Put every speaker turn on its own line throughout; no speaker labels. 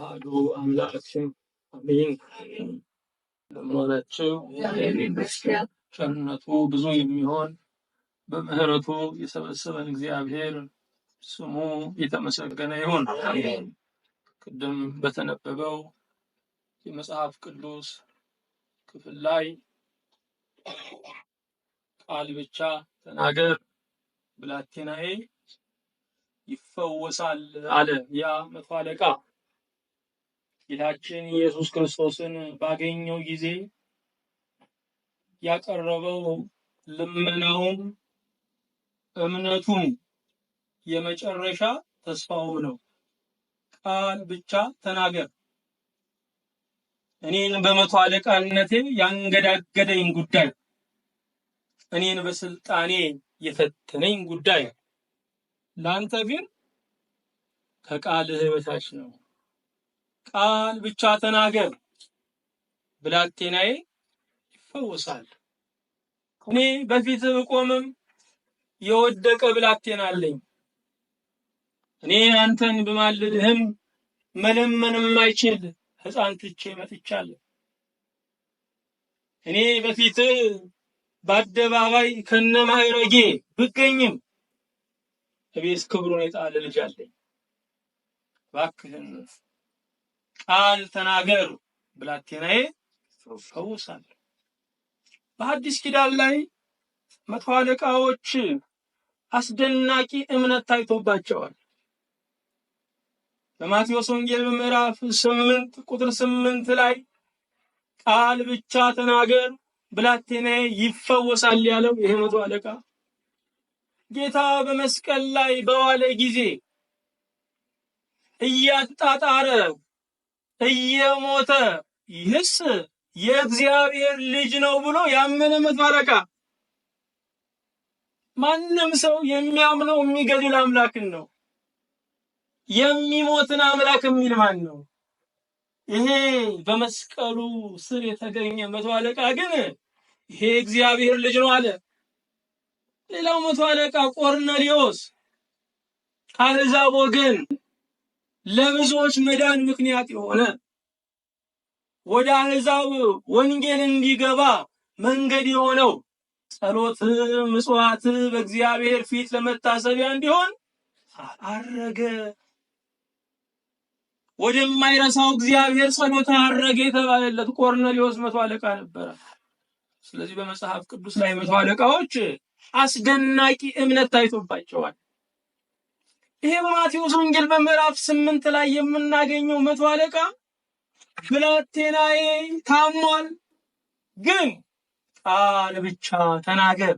አሐዱ አምላክ አሜን። ለምኗናቸው ቸርነቱ ብዙ የሚሆን በምሕረቱ የሰበሰበን እግዚአብሔር ስሙ የተመሰገነ ይሁን። ቅድም በተነበበው የመጽሐፍ ቅዱስ ክፍል ላይ ቃል ብቻ ተናገር ብላቴናዬ ይፈወሳል አለ። ያ መቶ አለቃ ጌታችን ኢየሱስ ክርስቶስን ባገኘው ጊዜ ያቀረበው ልመናውም እምነቱም የመጨረሻ ተስፋው ነው። ቃል ብቻ ተናገር፣ እኔን በመቶ አለቃነቴ ያንገዳገደኝ ጉዳይ፣ እኔን በስልጣኔ የፈተነኝ ጉዳይ ለአንተ ግን ከቃልህ በታች ነው። ቃል ብቻ ተናገር፣ ብላቴናዬ ይፈወሳል። እኔ በፊት ብቆምም የወደቀ ብላቴና አለኝ። እኔ አንተን ብማልድህም መለመን የማይችል ሕፃን ትቼ መጥቻለሁ። እኔ በፊት በአደባባይ ከነማይረጌ ብገኝም እቤት ክብሩን የጣለ ልጅ አለኝ። እባክህን ቃል ተናገር ብላቴናዬ ፈውሳለሁ። በአዲስ ኪዳን ላይ መቶ አለቃዎች አስደናቂ እምነት ታይቶባቸዋል። በማቴዎስ ወንጌል በምዕራፍ ስምንት ቁጥር ስምንት ላይ ቃል ብቻ ተናገር ብላቴናዬ ይፈወሳል ያለው ይሄ መቶ አለቃ ጌታ በመስቀል ላይ በዋለ ጊዜ እያጣጣረ እየሞተ ይህስ የእግዚአብሔር ልጅ ነው ብሎ ያመነ መቶ ማንም ሰው የሚያምነው የሚገድል አምላክን ነው። የሚሞትን አምላክ የሚል ማን ነው? ይሄ በመስቀሉ ስር የተገኘ መቶ አለቃ ግን ይሄ እግዚአብሔር ልጅ ነው አለ። ሌላው መቶ አለቃ ቆርኔሊዮስ ከአሕዛብ ወገን ለብዙዎች መዳን ምክንያት የሆነ ወደ አሕዛብ ወንጌል እንዲገባ መንገድ የሆነው ጸሎት፣ ምጽዋት በእግዚአብሔር ፊት ለመታሰቢያ እንዲሆን አረገ። ወደማይረሳው እግዚአብሔር ጸሎት አረገ የተባለለት ቆርኔሊዮስ መቶ አለቃ ነበረ። ስለዚህ በመጽሐፍ ቅዱስ ላይ መቶ አለቃዎች አስደናቂ እምነት ታይቶባቸዋል። ይሄ በማቴዎስ ወንጌል በምዕራፍ ስምንት ላይ የምናገኘው መቶ አለቃ ብላቴናዬ ታሟል፣ ግን ቃል ብቻ ተናገር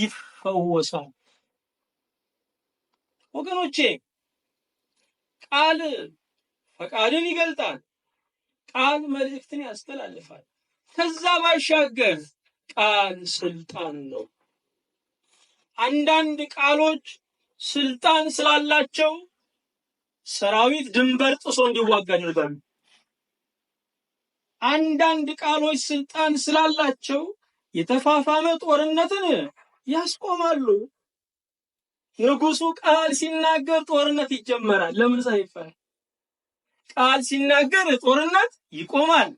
ይፈወሳል። ወገኖቼ ቃል ፈቃድን ይገልጣል። ቃል መልእክትን ያስተላልፋል። ከዛ ባሻገር ቃል ስልጣን ነው። አንዳንድ ቃሎች ስልጣን ስላላቸው ሰራዊት ድንበር ጥሶ እንዲዋጋ ያደርጋሉ። አንዳንድ ቃሎች ስልጣን ስላላቸው የተፋፋመ ጦርነትን ያስቆማሉ። ንጉሱ ቃል ሲናገር ጦርነት ይጀመራል። ለምን ሳይፈራ ቃል ሲናገር ጦርነት ይቆማል።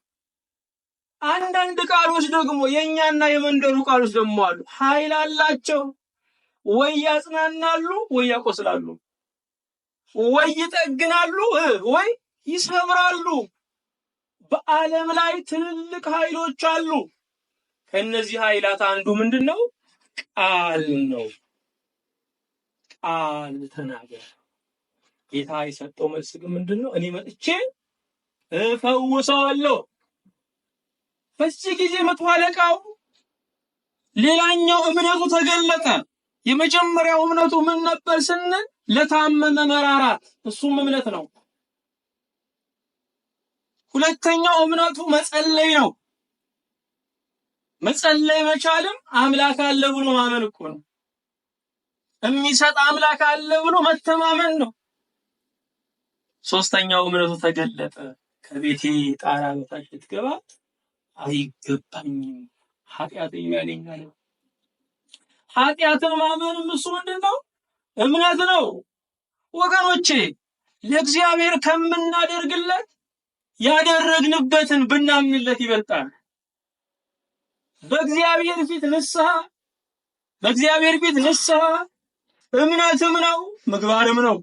አንዳንድ ቃሎች ደግሞ የእኛና የመንደሩ ቃሎች ደግሞ አሉ። ኃይል አላቸው። ወይ ያጽናናሉ፣ ወይ ያቆስላሉ፣ ወይ ይጠግናሉ፣ ወይ ይሰብራሉ። በዓለም ላይ ትልልቅ ኃይሎች አሉ። ከእነዚህ ኃይላት አንዱ ምንድን ነው? ቃል ነው። ቃል ተናገር። ጌታ የሰጠው መልስ ግን ምንድን ነው? እኔ መጥቼ እፈውሰዋለሁ በዚህ ጊዜ መቶ አለቃው ሌላኛው እምነቱ ተገለጠ። የመጀመሪያው እምነቱ ምን ነበር ስንል ለታመመ መራራት፣ እሱም እምነት ነው። ሁለተኛው እምነቱ መጸለይ ነው። መጸለይ መቻልም አምላክ አለ ብሎ ማመን እኮ ነው። የሚሰጥ አምላክ አለ ብሎ መተማመን ነው። ሶስተኛው እምነቱ ተገለጠ። ከቤቴ ጣራ በታች ልትገባ አይገባኝም፣ ኃጢአተኛ ነኝ አለ። ኃጢአትን ማመንም እሱ ምንድን ነው? እምነት ነው። ወገኖቼ ለእግዚአብሔር ከምናደርግለት ያደረግንበትን ብናምንለት ይበልጣል። በእግዚአብሔር ፊት ንስሐ በእግዚአብሔር ፊት ንስሐ እምነትም ነው ምግባርም ነው።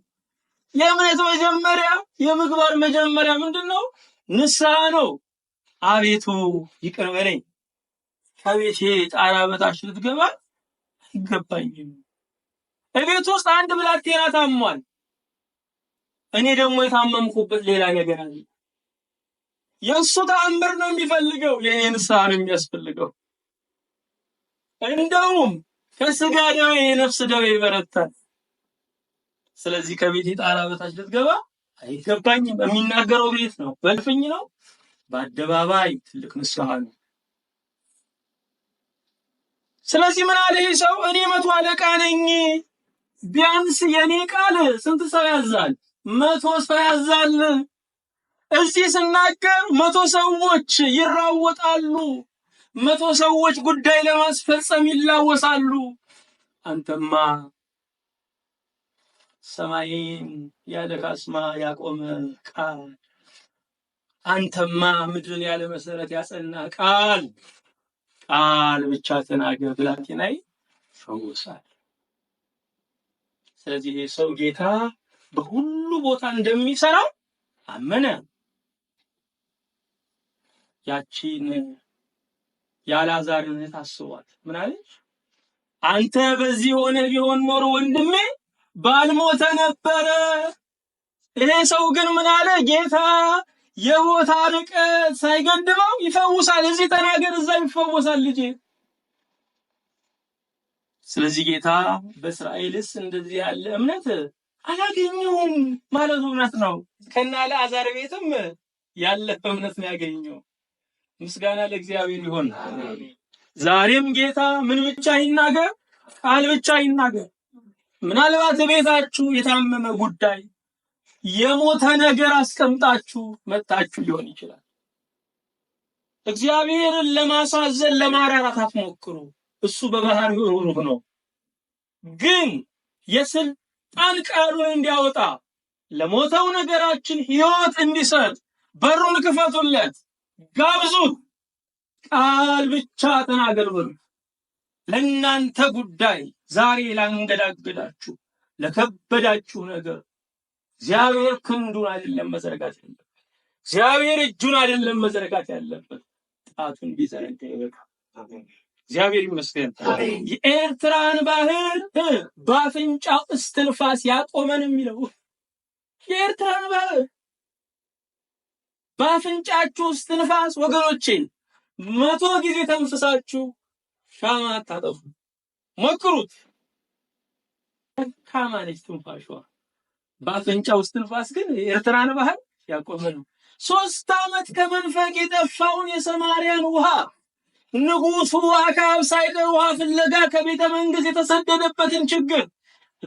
የእምነት መጀመሪያ የምግባር መጀመሪያ ምንድን ነው? ንስሐ ነው። አቤቱ ይቅር በለኝ፣ ከቤቴ ጣራ በታች ልትገባ አይገባኝም። እቤት ውስጥ አንድ ብላቴና ታሟል፣ እኔ ደግሞ የታመምኩበት ሌላ ነገር አለ። የእሱ ተአምር ነው የሚፈልገው፣ የእኔ ንስሐ ነው የሚያስፈልገው። እንደውም ከስጋ ደዌ የነፍስ ደዌ ይበረታል። ስለዚህ ከቤቴ ጣራ በታች ልትገባ አይገባኝም። የሚናገረው ቤት ነው፣ በልፍኝ ነው በአደባባይ ትልቅ ንስሐ ነው። ስለዚህ ምን አለ ይህ ሰው? እኔ መቶ አለቃ ነኝ። ቢያንስ የኔ ቃል ስንት ሰው ያዛል? መቶ ሰው ያዛል። እዚህ ስናገር መቶ ሰዎች ይራወጣሉ። መቶ ሰዎች ጉዳይ ለማስፈጸም ይላወሳሉ። አንተማ ሰማይን ያለ ካስማ ያቆመ ቃል አንተማ ምድርን ያለ መሰረት ያጸና ቃል ቃል ብቻ ተናገር ብላቴናዬ ፈውሳል። ስለዚህ ይህ ሰው ጌታ በሁሉ ቦታ እንደሚሰራ አመነ። ያቺን የአልዓዛርን እህት አስቧት። ምን አለች? አንተ በዚህ ሆነ ቢሆን ኖሮ ወንድሜ ባልሞተ ነበረ። ይሄ ሰው ግን ምን አለ? ጌታ የቦታ ርቀት ሳይገድበው ይፈውሳል። እዚህ ተናገር፣ እዛ ይፈወሳል ልጄ። ስለዚህ ጌታ በእስራኤልስ እንደዚህ ያለ እምነት አላገኘውም ማለት እውነት ነው። ከና ለአዛር ቤትም ያለ እምነት ነው ያገኘው። ምስጋና ለእግዚአብሔር ይሆን። ዛሬም ጌታ ምን ብቻ ይናገር? ቃል ብቻ ይናገር። ምናልባት ቤታችሁ የታመመ ጉዳይ የሞተ ነገር አስቀምጣችሁ መጣችሁ ሊሆን ይችላል። እግዚአብሔርን ለማሳዘን ለማራራት አትሞክሩ። እሱ በባህር ሩህሩህ ነው። ግን የስልጣን ቃሉን እንዲያወጣ ለሞተው ነገራችን ህይወት እንዲሰጥ በሩን ክፈቱለት፣ ጋብዙት። ቃል ብቻ ተናገሩት። ለእናንተ ጉዳይ ዛሬ ላንገዳግዳችሁ ለከበዳችሁ ነገር እግዚአብሔር ክንዱን አይደለም መዘረጋት ያለበት፣ እግዚአብሔር እጁን አይደለም መዘረጋት ያለበት፣ ጣቱን ቢዘረጋ ይበቃ። እግዚአብሔር ይመስገን። የኤርትራን ባህር በአፍንጫው እስትንፋስ ያቆመን የሚለው የኤርትራን ባህር በአፍንጫችሁ እስትንፋስ ወገኖቼን መቶ ጊዜ ተንፍሳችሁ ሻማ አታጠፉ። ሞክሩት። ካማነች ትንፋሽዋ በአፍንጫ ውስጥ ንፋስ ግን የኤርትራን ባህር ያቆመ ነው። ሶስት ዓመት ከመንፈቅ የጠፋውን የሰማርያን ውሃ ንጉሱ አካብ ሳይቀር ውሃ ፍለጋ ከቤተ መንግስት የተሰደደበትን ችግር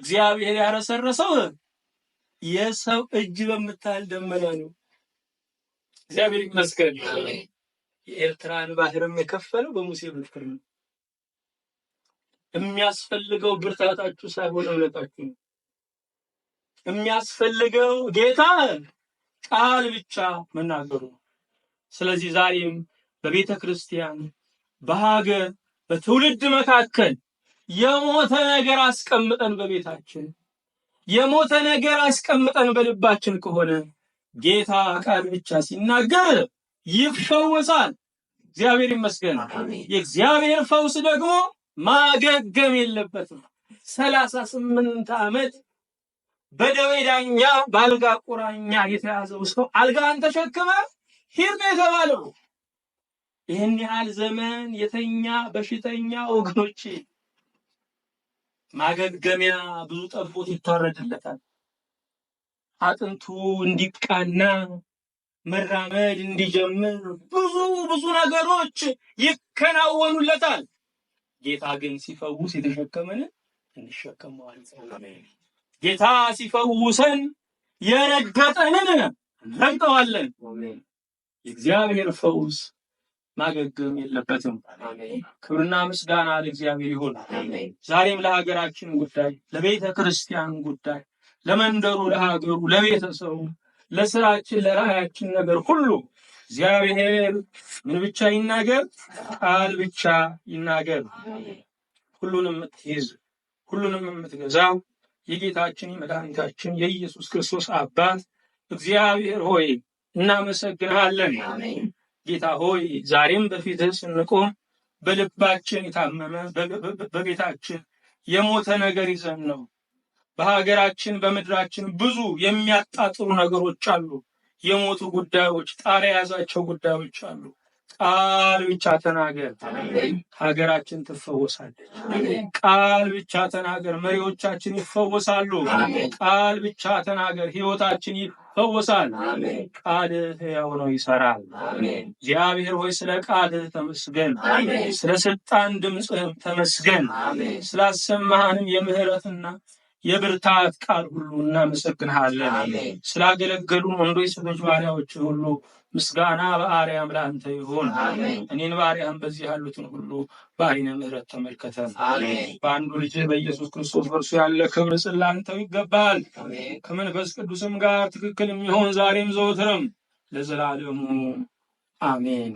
እግዚአብሔር ያረሰረሰው የሰው እጅ በምታህል ደመና ነው። እግዚአብሔር ይመስገን። የኤርትራን ባህርም የከፈለው በሙሴ በትር ነው። የሚያስፈልገው ብርታታችሁ ሳይሆን እምነታችሁ ነው። የሚያስፈልገው ጌታ ቃል ብቻ መናገሩ ነው። ስለዚህ ዛሬም በቤተ ክርስቲያን፣ በሀገር፣ በትውልድ መካከል የሞተ ነገር አስቀምጠን በቤታችን የሞተ ነገር አስቀምጠን በልባችን ከሆነ ጌታ ቃል ብቻ ሲናገር ይፈወሳል። እግዚአብሔር ይመስገን። የእግዚአብሔር ፈውስ ደግሞ ማገገም የለበትም። ሰላሳ ስምንት ዓመት በደዌ ዳኛ በአልጋ ቁራኛ የተያዘው ሰው አልጋን ተሸክመ ሂድ ነው የተባለው። ይህን ያህል ዘመን የተኛ በሽተኛ ወገኖቼ ማገገሚያ ብዙ ጠቦት ይታረድለታል። አጥንቱ እንዲቃና መራመድ እንዲጀምር ብዙ ብዙ ነገሮች ይከናወኑለታል። ጌታ ግን ሲፈውስ የተሸከመንን እንሸከመዋል። ጌታ ሲፈውሰን የረገጠንን እንረግጠዋለን። የእግዚአብሔር ፈውስ ማገገም የለበትም። ክብርና ምስጋና ለእግዚአብሔር ይሁን። ዛሬም ለሀገራችን ጉዳይ፣ ለቤተ ክርስቲያን ጉዳይ፣ ለመንደሩ፣ ለሀገሩ፣ ለቤተሰቡ፣ ለስራችን፣ ለራእያችን ነገር ሁሉ እግዚአብሔር ምን ብቻ ይናገር? ቃል ብቻ ይናገር። ሁሉንም የምትይዝ ሁሉንም የምትገዛው የጌታችን የመድኃኒታችን የኢየሱስ ክርስቶስ አባት እግዚአብሔር ሆይ እናመሰግናለን። ጌታ ሆይ ዛሬም በፊትህ ስንቆም በልባችን የታመመ በቤታችን የሞተ ነገር ይዘን ነው። በሀገራችን በምድራችን ብዙ የሚያጣጥሩ ነገሮች አሉ። የሞቱ ጉዳዮች፣ ጣሪያ የያዛቸው ጉዳዮች አሉ። ቃል ብቻ ተናገር፣ ሀገራችን ትፈወሳለች። ቃል ብቻ ተናገር፣ መሪዎቻችን ይፈወሳሉ። ቃል ብቻ ተናገር፣ ህይወታችን ይፈወሳል። ቃል ሕያው ነው፣ ይሰራል። እግዚአብሔር ሆይ ስለ ቃል ተመስገን፣ ስለ ስልጣን ድምፅህም ተመስገን። ስላሰማህንም የምህረትና የብርታት ቃል ሁሉ እናመሰግንሃለን። ስላገለገሉን ወንዶች ሴቶች ባሪያዎች ሁሉ ምስጋና በአርያም ለአንተ ይሁን። እኔን በአርያም በዚህ ያሉትን ሁሉ በአይነ ምሕረት ተመልከተን። በአንዱ ልጅ በኢየሱስ ክርስቶስ በእርሱ ያለ ክብር ጽላንተው ይገባል። ከመንፈስ ቅዱስም ጋር ትክክል የሚሆን ዛሬም ዘወትርም ለዘላለሙ አሜን።